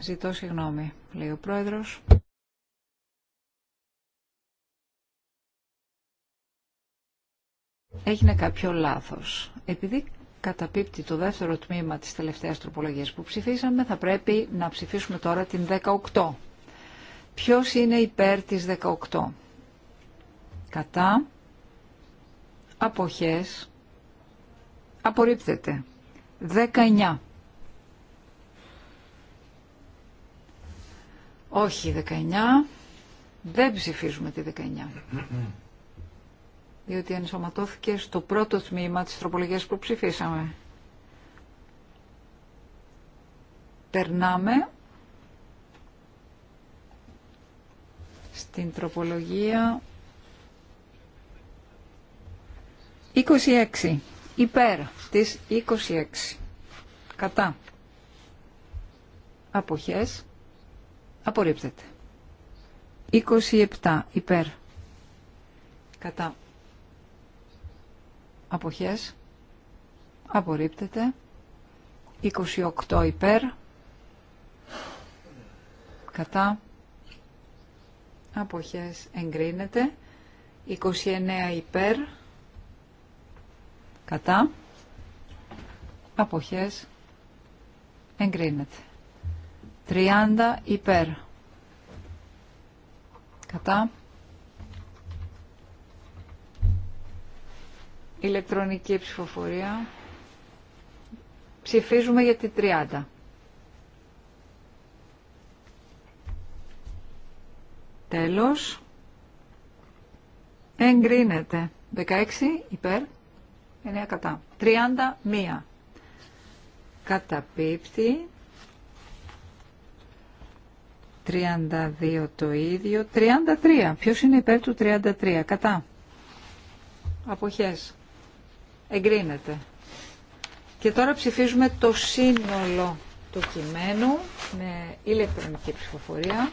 Ζητώ συγγνώμη, λέει ο Πρόεδρος. Έγινε κάποιο λάθος. Επειδή καταπίπτει το δεύτερο τμήμα της τελευταίας τροπολογίας που ψηφίσαμε, θα πρέπει να ψηφίσουμε τώρα την 18. Ποιος είναι υπέρ της 18. Κατά. Αποχές. Απορρίπτεται. 19. Όχι 19. Δεν ψηφίζουμε τη 19. Διότι ενσωματώθηκε στο πρώτο τμήμα της τροπολογίας που ψηφίσαμε. Περνάμε στην τροπολογία 26. Υπέρ της 26. Κατά. Αποχές. Απορρίπτεται. 27 υπέρ. Κατά. Αποχές. Απορρίπτεται. 28 υπέρ. Κατά. Αποχές εγκρίνεται. 29 υπέρ. Κατά. Αποχές εγκρίνεται. 30 υπέρ. Κατά. Ηλεκτρονική ψηφοφορία. Ψηφίζουμε για τη 30. Τέλος. Εγκρίνεται. 16 υπέρ. 9 κατά. 31. Καταπίπτει. 32 το ίδιο. 33. Ποιος είναι υπέρ του 33. Κατά. Αποχές. Εγκρίνεται. Και τώρα ψηφίζουμε το σύνολο του κειμένου με ηλεκτρονική ψηφοφορία.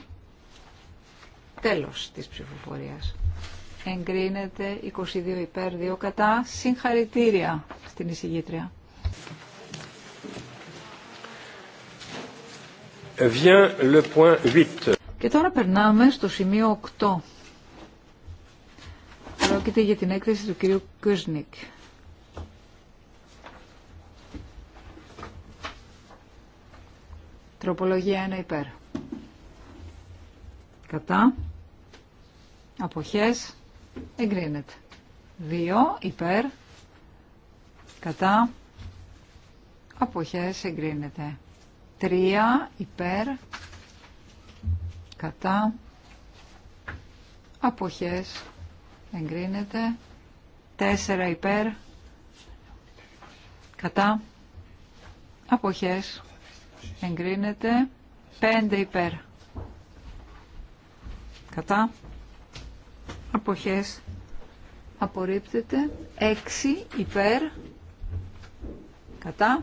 Τέλος της ψηφοφορίας. Εγκρίνεται 22 υπέρ 2 κατά. Συγχαρητήρια στην εισηγήτρια. vient le point 8. Και τώρα περνάμε στο σημείο 8. Πρόκειται για την έκθεση του κυρίου Κουζνικ. Τροπολογία 1 υπέρ. Κατά. Αποχές. Εγκρίνεται. 2 υπέρ. Κατά. Αποχές εγκρίνεται. 3 υπέρ κατά αποχές εγκρίνεται 4 υπέρ κατά αποχές εγκρίνεται 5 υπέρ κατά αποχές απορρίπτεται 6 υπέρ κατά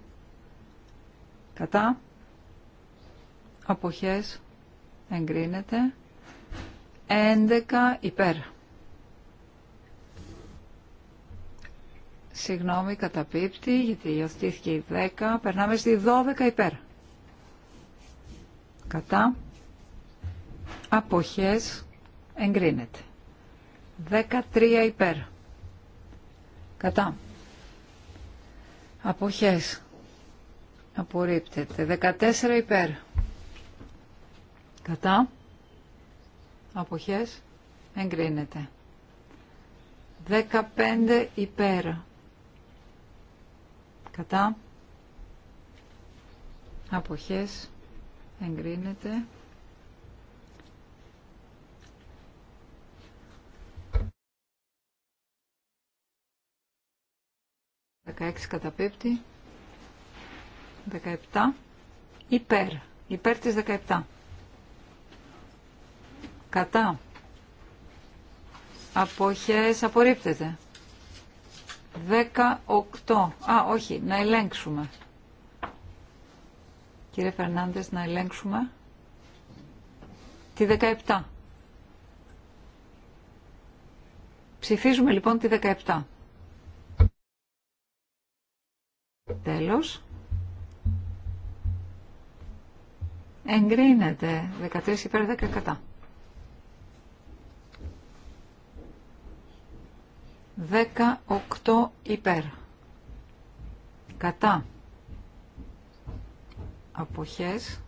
κατά αποχές εγκρίνεται 11 υπέρ συγγνώμη καταπίπτει γιατί υιοθήθηκε η 10 περνάμε στη 12 υπέρ κατά αποχές εγκρίνεται 13 υπέρ κατά αποχές Απορρίπτεται. 14 υπέρ. Κατά. Αποχές. Εγκρίνεται. 15 υπέρ. Κατά. Αποχές. Εγκρίνεται. 16 καταπίπτει. 17 υπέρ. Υπέρ της 17. Κατά. Αποχές απορρίπτεται. 18. Α, όχι, να ελέγξουμε. Κύριε Φερνάντες, να ελέγξουμε τη 17. Ψηφίζουμε λοιπόν τη 17. Τέλος. εγκρίνεται 13 υπέρ 10 κατά. 18 υπέρ. Κατά. Αποχές.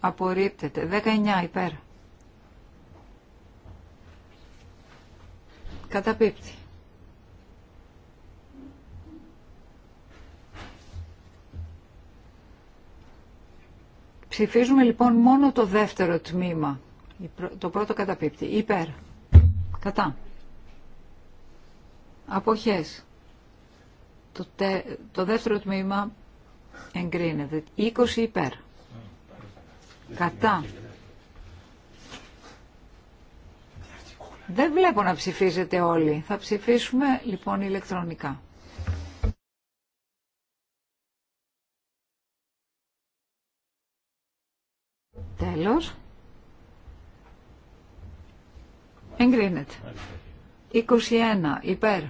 Απορρίπτεται. 19 υπέρ. Καταπίπτει. Ψηφίζουμε λοιπόν μόνο το δεύτερο τμήμα. Το πρώτο καταπίπτει. Υπέρ. Κατά. Αποχές. Το, τε, το δεύτερο τμήμα εγκρίνεται. 20 υπέρ. Κατά. Δεν βλέπω να ψηφίζετε όλοι. Θα ψηφίσουμε λοιπόν ηλεκτρονικά. Τέλος. Εγκρίνεται. 21. Υπέρ.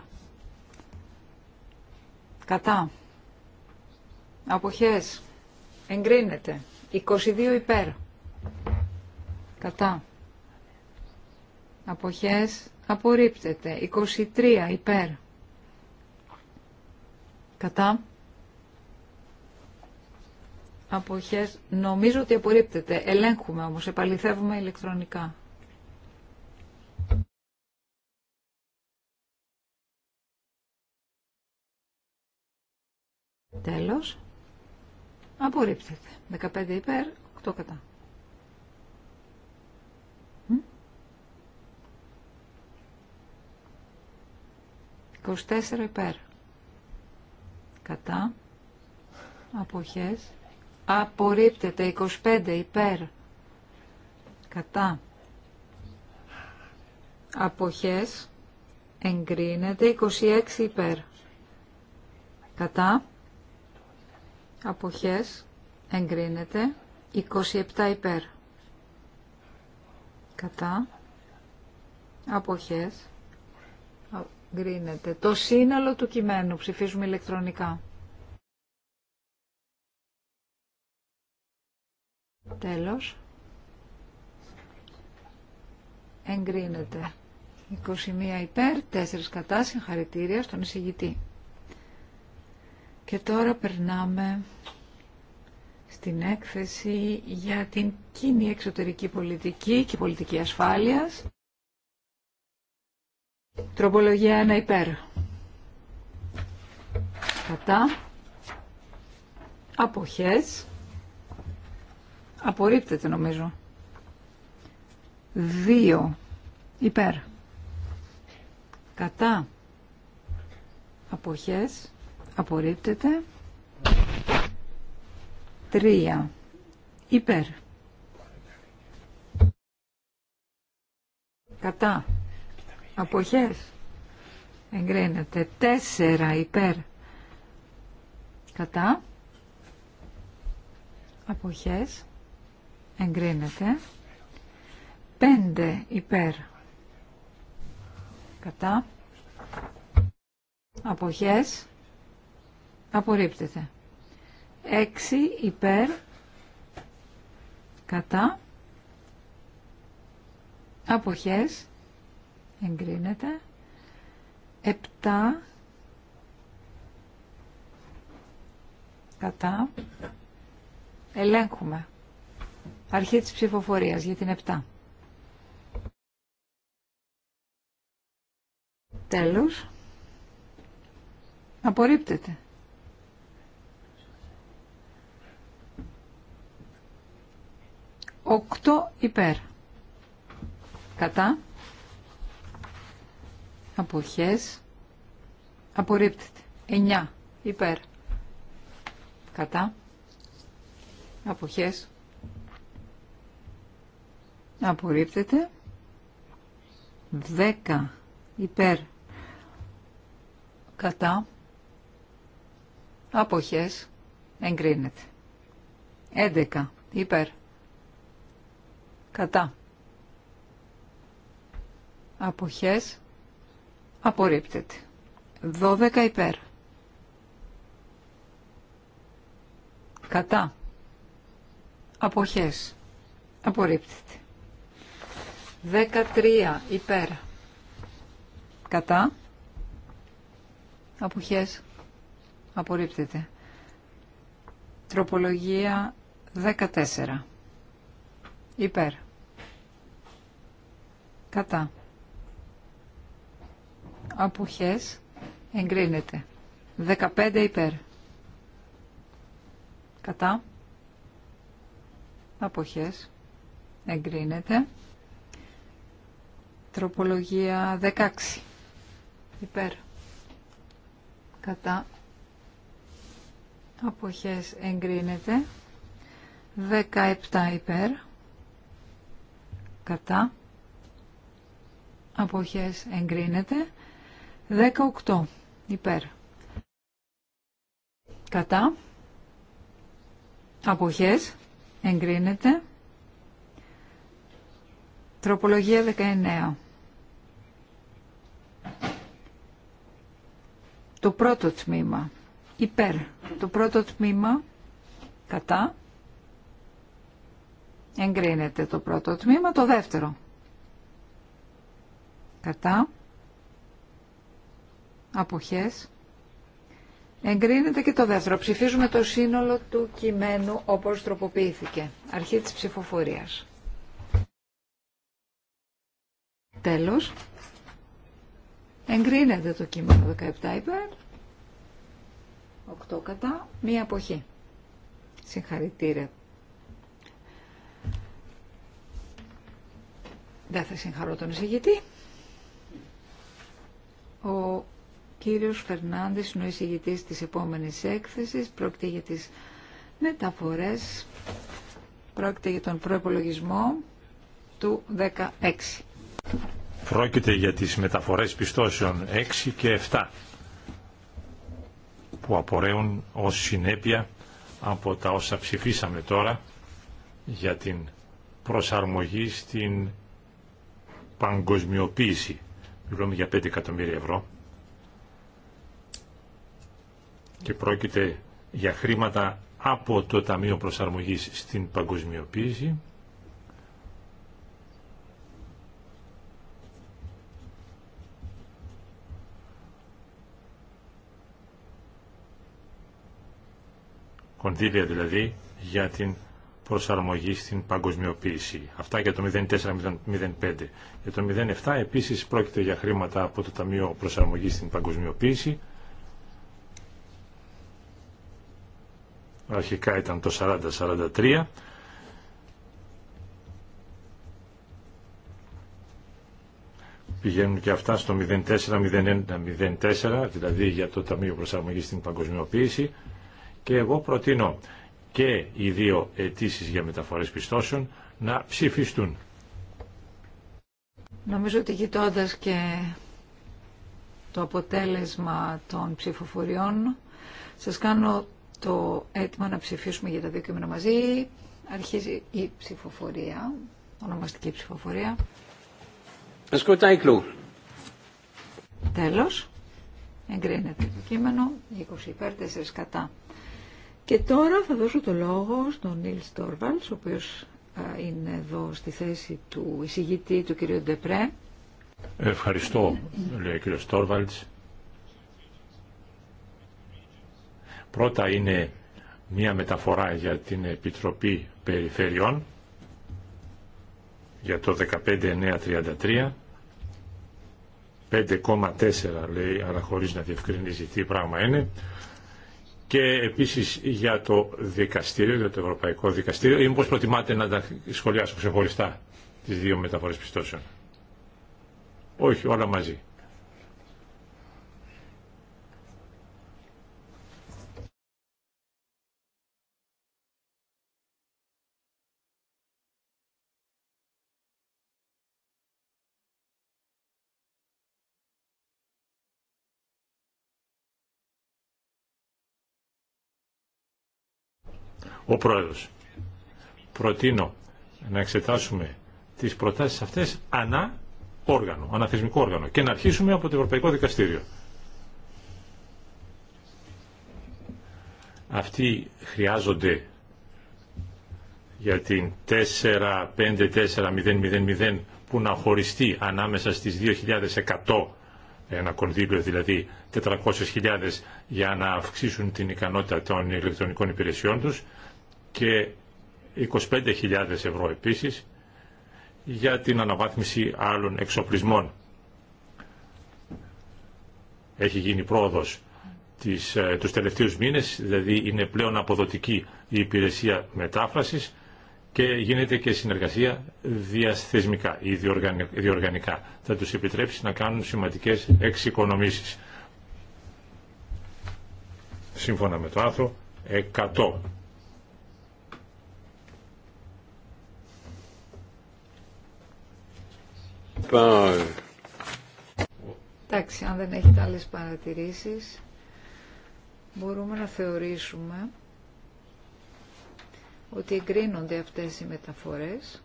Κατά. Αποχές. Εγκρίνεται. 22 υπέρ. Κατά. Αποχές. Απορρίπτεται. 23 υπέρ. Κατά αποχές νομίζω ότι απορρίπτεται. Ελέγχουμε όμως, επαληθεύουμε ηλεκτρονικά. Τέλος. Απορρίπτεται. 15 υπέρ, 8 κατά. 24 υπέρ. Κατά. Αποχές απορρίπτεται 25 υπέρ κατά αποχές εγκρίνεται 26 υπέρ κατά αποχές εγκρίνεται 27 υπέρ κατά αποχές εγκρίνεται το σύνολο του κειμένου ψηφίζουμε ηλεκτρονικά Τέλος. Εγκρίνεται. 21 υπέρ, 4 κατά, συγχαρητήρια στον εισηγητή. Και τώρα περνάμε στην έκθεση για την κοινή εξωτερική πολιτική και πολιτική ασφάλειας. Τροπολογία 1 υπέρ. Κατά. Αποχές. Απορρίπτεται νομίζω. Δύο υπέρ. Κατά. Αποχές. Απορρίπτεται. Τρία υπέρ. Κατά. Αποχές. Εγκρίνεται. Τέσσερα υπέρ. Κατά. Αποχές εγκρίνεται. 5 υπέρ κατά αποχές απορρίπτεται. 6 υπέρ κατά αποχές εγκρίνεται. 7 κατά ελέγχουμε. Αρχή της ψηφοφορίας για την 7. Τέλος. Απορρίπτεται. Οκτώ υπέρ. Κατά. Αποχές. Απορρίπτεται. Εννιά υπέρ. Κατά. Αποχές απορρίπτεται 10 υπέρ κατά αποχές εγκρίνεται 11 υπέρ κατά αποχές απορρίπτεται 12 υπέρ κατά αποχές απορρίπτεται 13 υπέρ κατά αποχές απορρίπτεται τροπολογία 14 υπέρ κατά αποχές εγκρίνεται 15 υπέρ κατά αποχές εγκρίνεται Τροπολογία 16. Υπέρ. Κατά. Αποχές εγκρίνεται. 17 υπέρ. Κατά. Αποχές εγκρίνεται. 18 υπέρ. Κατά. Αποχές εγκρίνεται. Τροπολογία 19 Το πρώτο τμήμα. Υπέρ. Το πρώτο τμήμα. Κατά. Εγκρίνεται το πρώτο τμήμα. Το δεύτερο. Κατά. Αποχές. Εγκρίνεται και το δεύτερο. Ψηφίζουμε το σύνολο του κειμένου όπως τροποποιήθηκε. Αρχή της ψηφοφορίας. Τέλος. Εγκρίνεται το κείμενο 17 υπέρ. 8 κατά. Μία αποχή. Συγχαρητήρια. Δεν θα συγχαρώ τον εισηγητή. Ο κύριος Φερνάνδης είναι ο εισηγητής της επόμενης έκθεσης. Πρόκειται για τις μεταφορές. Πρόκειται για τον προπολογισμό του 16. Πρόκειται για τις μεταφορές πιστώσεων 6 και 7 που απορρέουν ως συνέπεια από τα όσα ψηφίσαμε τώρα για την προσαρμογή στην παγκοσμιοποίηση. Μιλούμε για 5 εκατομμύρια ευρώ και πρόκειται για χρήματα από το Ταμείο Προσαρμογής στην Παγκοσμιοποίηση κονδύλια δηλαδή για την προσαρμογή στην παγκοσμιοποίηση. Αυτά για το 04-05. Για το 07 επίσης πρόκειται για χρήματα από το Ταμείο Προσαρμογής στην Παγκοσμιοποίηση. Αρχικά ήταν το 40-43. Πηγαίνουν και αυτά στο 04-01-04, δηλαδή για το Ταμείο Προσαρμογής στην Παγκοσμιοποίηση. Και εγώ προτείνω και οι δύο αιτήσει για μεταφορές πιστώσεων να ψηφιστούν. Νομίζω ότι κοιτώντα και το αποτέλεσμα των ψηφοφοριών, σας κάνω το αίτημα να ψηφίσουμε για τα δύο κείμενα μαζί. Αρχίζει η ψηφοφορία, ονομαστική ψηφοφορία. Τέλο. κλου. Τέλος. Εγκρίνεται το κείμενο. 20 4 κατά. Και τώρα θα δώσω το λόγο στον Νίλ Στόρβαλ, ο οποίος είναι εδώ στη θέση του εισηγητή του κ. Ντεπρέ. Ευχαριστώ, λέει ο κ. Στόρβαλτς. Πρώτα είναι μία μεταφορά για την Επιτροπή Περιφερειών για το 15.933. 5,4 λέει, αλλά χωρίς να διευκρινίζει τι πράγμα είναι και επίσης για το δικαστήριο, για το Ευρωπαϊκό Δικαστήριο ή μήπως προτιμάτε να τα σχολιάσω ξεχωριστά τις δύο μεταφορές πιστώσεων. Όχι, όλα μαζί. Ο Πρόεδρος, προτείνω να εξετάσουμε τις προτάσεις αυτές ανά όργανο, αναθεσμικό όργανο και να αρχίσουμε από το Ευρωπαϊκό Δικαστήριο. Αυτοί χρειάζονται για την 4-5-4-0-0-0 που να χωριστεί ανάμεσα στις 2.100 ένα κονδύλιο δηλαδή 400.000 για να αυξήσουν την ικανότητα των ηλεκτρονικών υπηρεσιών τους και 25.000 ευρώ επίσης για την αναβάθμιση άλλων εξοπλισμών. Έχει γίνει πρόοδος τις, ε, τους τελευταίους μήνες, δηλαδή είναι πλέον αποδοτική η υπηρεσία μετάφρασης και γίνεται και συνεργασία διασθεσμικά ή διοργανικά. Θα τους επιτρέψει να κάνουν σημαντικές εξοικονομήσεις. Σύμφωνα με το άνθρωπο 100. Εντάξει, αν δεν έχετε άλλες παρατηρήσεις, μπορούμε να θεωρήσουμε ότι εγκρίνονται αυτές οι μεταφορές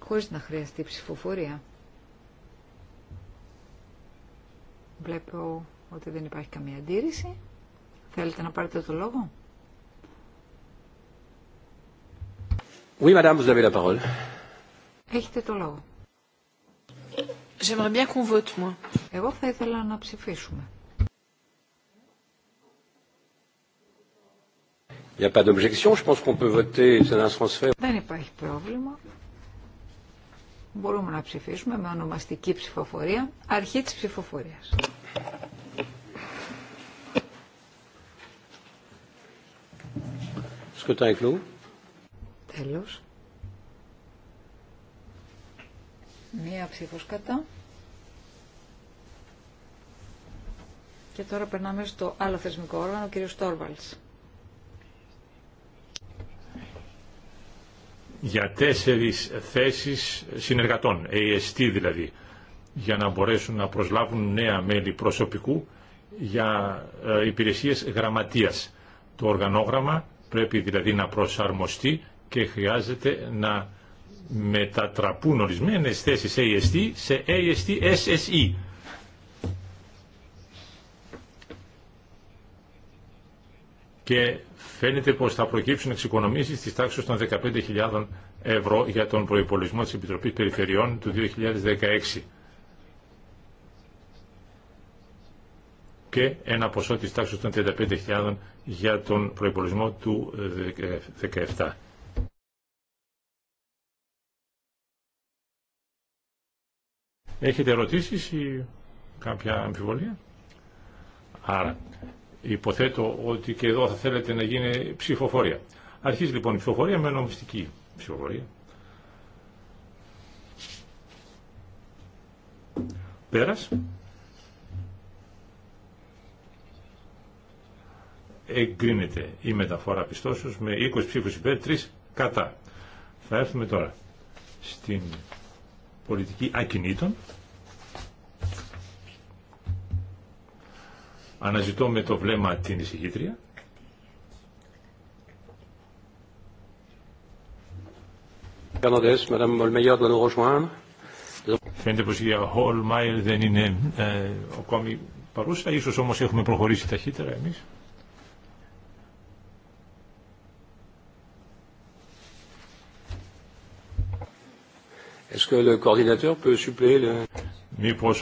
χωρίς να χρειαστεί ψηφοφορία. Βλέπω ότι δεν υπάρχει καμία αντίρρηση. Θέλετε να πάρετε το λόγο. Oui, madame, vous avez Έχετε το λόγο. Εγώ θα ήθελα να ψηφίσουμε. Δεν υπάρχει πρόβλημα. Μπορούμε να ψηφίσουμε με ονομαστική ψηφοφορία, αρχή της ψηφοφορίας. Τέλος. Μία ψήφος κατά. Και τώρα περνάμε στο άλλο θεσμικό όργανο, ο κύριος Τόρβαλς. Για τέσσερις θέσεις συνεργατών, AST δηλαδή, για να μπορέσουν να προσλάβουν νέα μέλη προσωπικού για ε, υπηρεσίες γραμματείας. Το οργανόγραμμα πρέπει δηλαδή να προσαρμοστεί και χρειάζεται να μετατραπούν ορισμένες θέσεις AST σε AST SSE. Και φαίνεται πως θα προκύψουν εξοικονομήσει τη τάξη των 15.000 ευρώ για τον προπολογισμό τη Επιτροπή Περιφερειών του 2016. και ένα ποσό της τάξης των 35.000 για τον προϋπολογισμό του 2017. Έχετε ερωτήσεις ή κάποια αμφιβολία. Άρα, υποθέτω ότι και εδώ θα θέλετε να γίνει ψηφοφορία. Αρχίζει λοιπόν η ψηφοφορία με νομιστική ψηφοφορία. Πέρας. Εγκρίνεται η μεταφορά πιστώσεως με 20 ψήφους υπέρ, 3 κατά. Θα έρθουμε τώρα στην πολιτική ακινήτων. Αναζητώ με το βλέμμα την εισηγήτρια. Φαίνεται πως η Χολμάιρ δεν είναι ε, ακόμη παρούσα, ίσως όμως έχουμε προχωρήσει ταχύτερα εμείς. Est-ce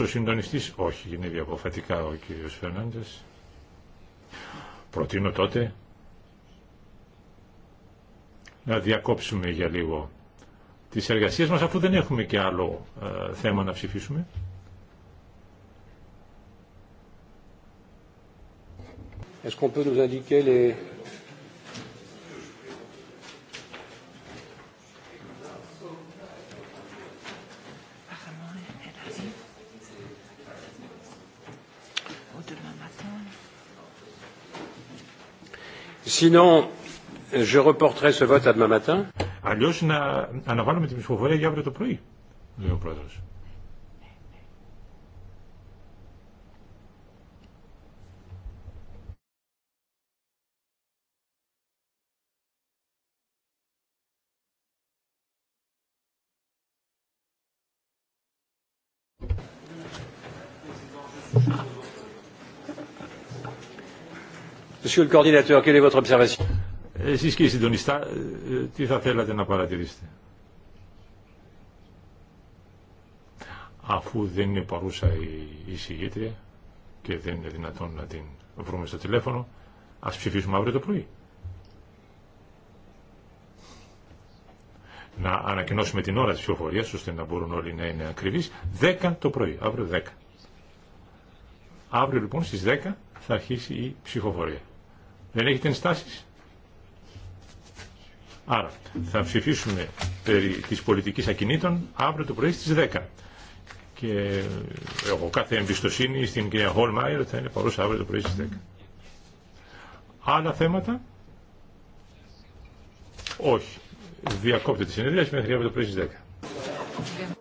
ο συντονιστής... Όχι, είναι διακοφατικά ο κύριος Φερνάντε. Προτείνω τότε να διακόψουμε για λίγο τις εργασίες μας, αφού δεν έχουμε και άλλο ε, θέμα να ψηφισουμε Sinon, je reporterai ce vote à demain matin. Αλλιώς να αναβάλουμε την ψηφοφορία για αύριο το πρωί, λέει ο Πρόεδρος. Monsieur le coordinateur, quelle est votre observation? Εσείς συντονιστά, ε, τι θα θέλατε να παρατηρήσετε. Αφού δεν είναι παρούσα η εισηγήτρια και δεν είναι δυνατόν να την βρούμε στο τηλέφωνο, ας ψηφίσουμε αύριο το πρωί. Να ανακοινώσουμε την ώρα της ψηφοφορίας, ώστε να μπορούν όλοι να είναι ακριβείς, 10 το πρωί, αύριο 10. Αύριο λοιπόν στις 10 θα αρχίσει η ψηφοφορία. Δεν έχετε ενστάσεις. Άρα θα ψηφίσουμε περί της πολιτικής ακινήτων αύριο το πρωί στις 10. Και έχω κάθε εμπιστοσύνη στην κυρία Χολμάιρ θα είναι παρούσα αύριο το πρωί στις 10. Άλλα θέματα. Όχι. Διακόπτεται τη συνεδρία μέχρι αύριο το πρωί στις 10.